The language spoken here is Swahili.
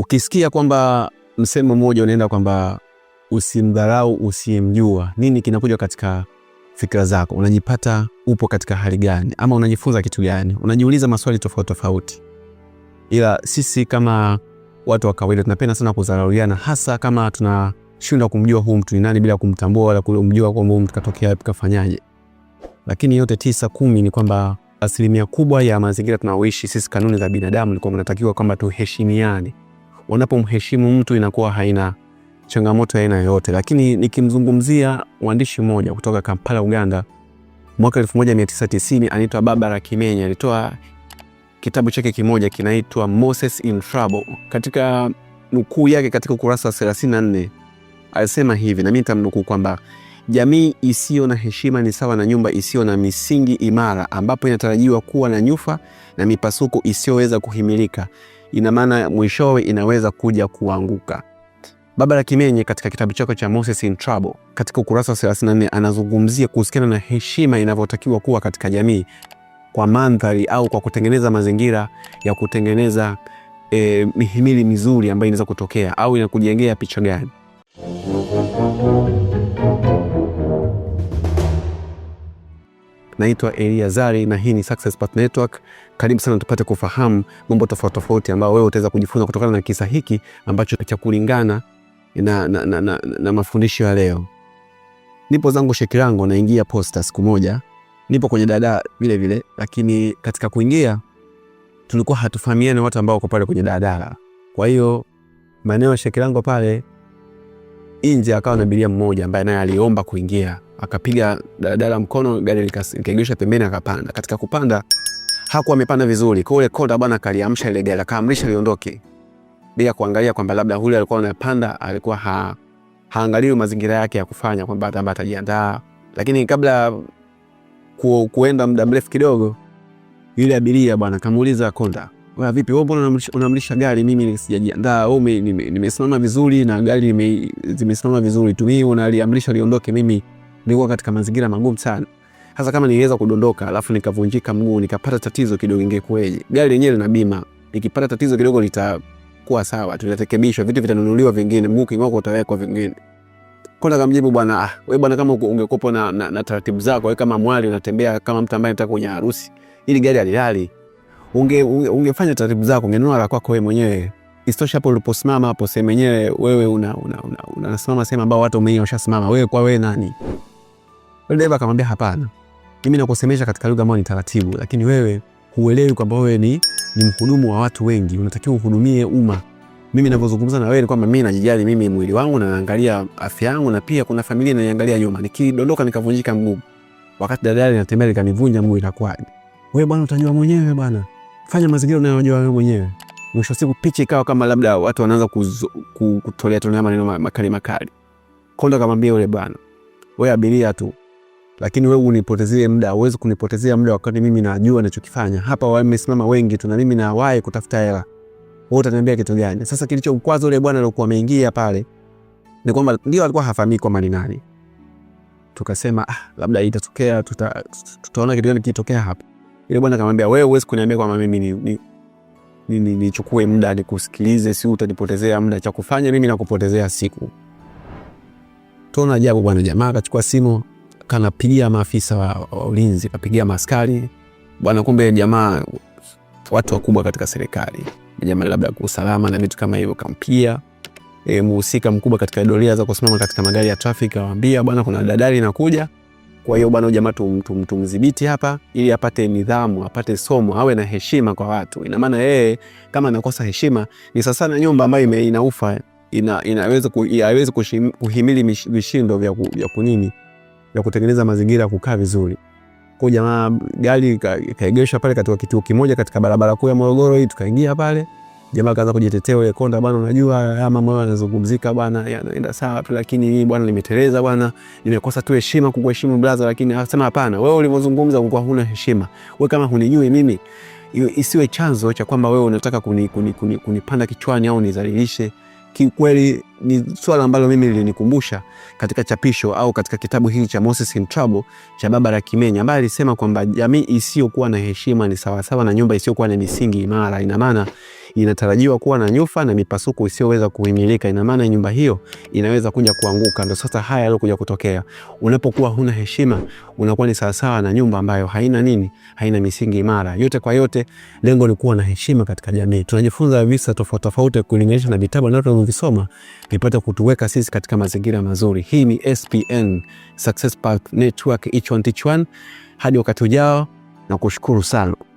Ukisikia kwamba msemo mmoja unaenda kwamba usimdharau usiyemjua, nini kinakuja katika fikira zako? Unajipata upo katika hali gani, ama unajifunza kitu gani? Unajiuliza maswali tofauti tofauti, ila sisi kama watu wa kawaida tunapenda sana kudharauliana, hasa kama tunashindwa kumjua huu mtu ni nani bila kumtambua wala kumjua kwamba huu mtu katokea wapi, kafanyaje. Lakini yote tisa kumi ni kwamba asilimia kubwa ya mazingira tunaoishi sisi, kanuni za binadamu ni kwamba tunatakiwa kwamba tuheshimiane wanapomheshimu mtu inakuwa haina changamoto ya aina yoyote. Lakini nikimzungumzia mwandishi mmoja kutoka Kampala, Uganda, mwaka 1990 anaitwa Barbara Kimenya, alitoa kitabu chake kimoja kinaitwa Moses in Trouble. Katika nukuu yake katika ukurasa wa 34 alisema hivi, na mimi nitamnukuu kwamba jamii isiyo na heshima ni sawa na nyumba isiyo na misingi imara, ambapo inatarajiwa kuwa na nyufa na mipasuko isiyoweza kuhimilika ina maana mwishowe inaweza kuja kuanguka. Baba la Kimenye katika kitabu chako cha Moses in Trouble katika ukurasa wa 34 anazungumzia kuhusiana na heshima inavyotakiwa kuwa katika jamii kwa mandhari au kwa kutengeneza mazingira ya kutengeneza e, mihimili mizuri ambayo inaweza kutokea au inakujengea picha gani? Naitwa Elia Zari na hii ni Success Path Network. Karibu sana tupate kufahamu mambo tofauti tofauti ambayo wewe utaweza kujifunza kutokana na kisa hiki ambacho cha kulingana na, na, na, na, na mafundisho ya leo. Nipo zangu Shekilango, naingia posta siku moja, nipo kwenye dada vile vile, lakini katika kuingia tulikuwa hatufahamiani watu ambao wako pale kwenye daladala. Kwa hiyo maeneo ya Shekilango pale nje akawa na abiria mmoja ambaye naye aliomba kuingia akapiga daladala mkono, gari likaegeshwa pembeni, akapanda. Katika kupanda hakuwa amepanda vizuri, kwa ule konda bwana kaliamsha ile gari, akaamrisha liondoke bila kuangalia kwamba labda huyu alikuwa anapanda alikuwa ha, haangalii mazingira yake ya kufanya kwamba hata atajiandaa. Lakini kabla ku, kuenda muda mrefu kidogo, yule abiria bwana kamuuliza konda, wewe vipi wewe, mbona unamlisha gari? Mimi sijajiandaa, wewe nimesimama vizuri na gari zimesimama vizuri tumii unaliamrisha liondoke mimi nilikuwa katika mazingira magumu sana. Hasa kama niliweza kudondoka alafu nikavunjika mguu nikapata tatizo kidogo ingekuwaje? Gari lenyewe lina bima, nikipata tatizo kidogo nitakuwa sawa, tutarekebishwa, vitu vitanunuliwa vingine, mguu kingoko utawekwa vingine. Kwanza kamjibu bwana, ah, wewe bwana, kama ungekopo na, na, na taratibu zako wewe, kama mwali unatembea kama mtu ambaye anataka kwenye harusi, ili gari alilali unge, unge, ungefanya taratibu zako, ungenunua la kwako wewe mwenyewe. Isitoshe hapo uliposimama hapo sehemu yenyewe wewe unasimama una, una, una, una sehemu ambao watu wameiosha washasimama, wewe kwa wewe nani? dereva akamwambia hapana, hmm. mimi nakusemesha katika lugha ambayo ni taratibu, lakini wewe huelewi kwamba wewe ni, ni mhudumu wa watu wengi, unatakiwa uhudumie umma. Mimi ninavyozungumza na wewe ni kwamba mimi najijali mimi mwili wangu, naangalia afya yangu, na pia kuna familia inaniangalia nyuma. Nikidondoka nikavunjika mguu, wakati daladala inatembea ikanivunja mguu, inakuwaje? Wewe bwana, utajua mwenyewe bwana, fanya mazingira unayojua wewe mwenyewe. Mwisho siku picha ikawa kama labda watu wanaanza kutolea tolea maneno makali makali. Kondo akamwambia yule bwana, wewe abiria tu lakini wewe unipotezie muda. uwezi kunipotezea muda wakati mimi najua ninachokifanya. Hapa wamesimama wengi tu na mimi nawahi kutafuta hela. Wewe utaniambia kitu gani? Sasa kilicho mkwazo yule bwana alikuwa ameingia pale ni kwamba ndio alikuwa hafahamiki kwamba ni nani. Tukasema ah, labda itatokea, tuta, tutaona kitu gani kitokea hapa. Yule bwana akamwambia wewe uwezi kuniambia kwamba mimi ni, ni mimi nichukue muda nikusikilize, si utanipotezea muda. Cha kufanya mimi nakupotezea siku. Tuna ajabu bwana, jamaa akachukua simu kanapigia maafisa wa ulinzi, kapigia maskari, bwana, kumbe jamaa watu wakubwa katika serikali, jamaa labda kwa usalama na vitu kama hivyo, kampia e, mhusika mkubwa katika doria za kusimama katika magari ya trafiki, awaambia bwana, kuna dadari inakuja, kwa hiyo bwana, jamaa tumdhibiti hapa, ili apate nidhamu, apate somo, awe na heshima kwa watu. Ina maana yeye kama anakosa heshima ni sasa na nyumba ambayo inaufa, inaweza kuhimili vishindo vya kunini ya kutengeneza mazingira ya kukaa vizuri. Kwa jamaa gari kaegeshwa pale katika kituo kimoja katika barabara kuu ya Morogoro hii, tukaingia pale. Jamaa kaanza kujitetea yule konda, bwana, unajua ama moyo anazungumzika bwana, yanaenda sawa tu, lakini hii bwana limeteleza bwana, nimekosa tu heshima kukuheshimu brother. Lakini akasema hapana, wewe ulivyozungumza ulikuwa huna heshima. Wewe kama hunijui mimi, isiwe chanzo cha kwamba wewe unataka kunipanda kuni, kuni, kuni kichwani au nizalilishe kiukweli ni swala ambalo mimi lilinikumbusha katika chapisho au katika kitabu hiki cha Moses in Trouble cha Baba la Kimenya ambaye alisema kwamba jamii isiyokuwa na heshima ni sawasawa na nyumba isiyokuwa na misingi imara. Ina maana inatarajiwa kuwa na nyufa na mipasuko isiyoweza kuhimilika. Ina maana nyumba hiyo inaweza kuja kuanguka. Ndio sasa haya yalokuja kutokea. Unapokuwa huna heshima, unakuwa ni sawasawa na nyumba ambayo haina nini, haina misingi imara. Yote kwa yote, lengo ni kuwa na heshima katika jamii. Tunajifunza visa tofauti tofauti kulinganisha na vitabu na tunavisoma, nipate kutuweka sisi katika mazingira mazuri. Hii ni SPN Success Path Network, each one teach one. Hadi wakati ujao, na kushukuru sana.